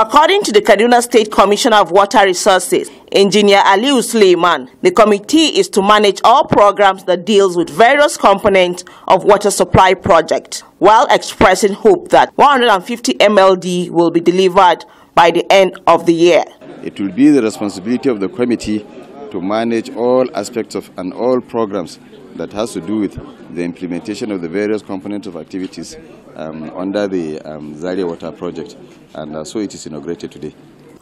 According to the Kaduna State Commissioner of Water Resources, Engineer Ali Suleiman, the committee is to manage all programs that deals with various components of water supply project, while expressing hope that 150 MLD will be delivered by the end of the year. It will be the responsibility of the committee to manage all aspects of and all programs that has to do with the implementation of the various components of activities um, under the um, Zaria Water Project. And uh, so it is inaugurated today.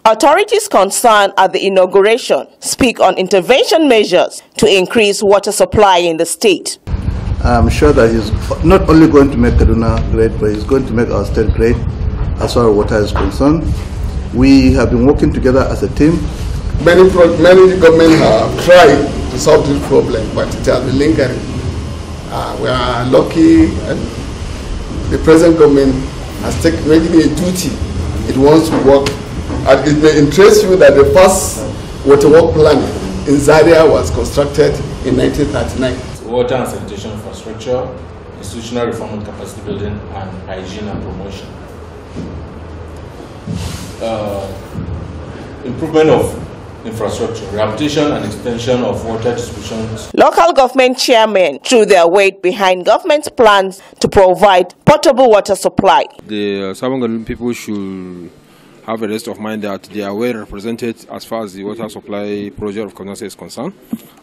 Authorities concerned at the inauguration speak on intervention measures to increase water supply in the state. I'm sure that he's not only going to make Kaduna great, but he's going to make our state great as far as water is concerned. We have been working together as a team Many, many governments have tried to solve this problem, but it has been lingering. Uh, we are lucky and eh? the present government has taken maybe a duty it wants to work. And it may interest you that the first water work plant in Zaria was constructed in 1939. Water and sanitation infrastructure, institutional reform and capacity building, and hygiene and promotion. Uh, improvement of infrastructure, rehabilitation and extension of water distributions. Local government chairmen threw their weight behind government's plans to provide potable water supply. The uh, Sabangalun people should have a rest of mind that they are well represented as far as the water supply project of Konasa is concerned.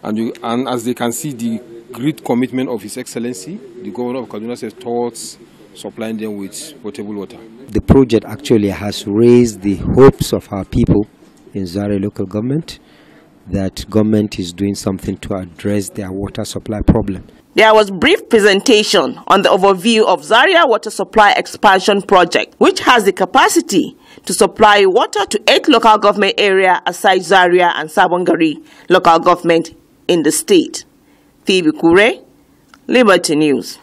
And, you, and as they can see, the great commitment of His Excellency, the Governor of Kaduna State, towards supplying them with potable water. The project actually has raised the hopes of our people in Zare local government that government is doing something to address their water supply problem. There was brief presentation on the overview of Zaria Water Supply Expansion Project, which has the capacity to supply water to eight local government areas aside Zaria and Sabongari local government in the state. Phoebe Kure, Liberty News.